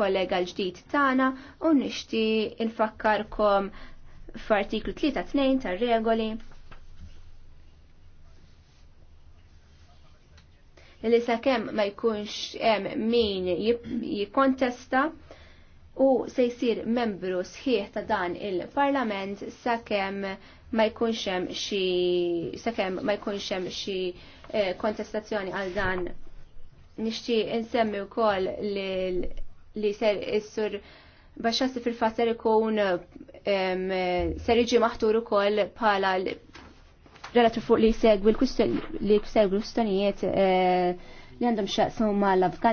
kollega l-ġdid tagħna u f infakkarkom f'artiklu 2 tar-regoli li sakemm ma jkunx hemm min jikkontesta u se jsir membru sħiħ ta' dan il-Parlament sakemm ma jkunx hemm xi sakemm ma jkunx hemm xi eh, kontestazzjoni għal dan nixtieq insemmi wkoll lil li ser is-sur baxxassi fil-fat ser ikun ser iġi maħtur ukoll bħala relatur fuq li segwi l-kustonijiet li segwi l-kustonijiet eh, li għandhom xaqsum mal-Afganistan.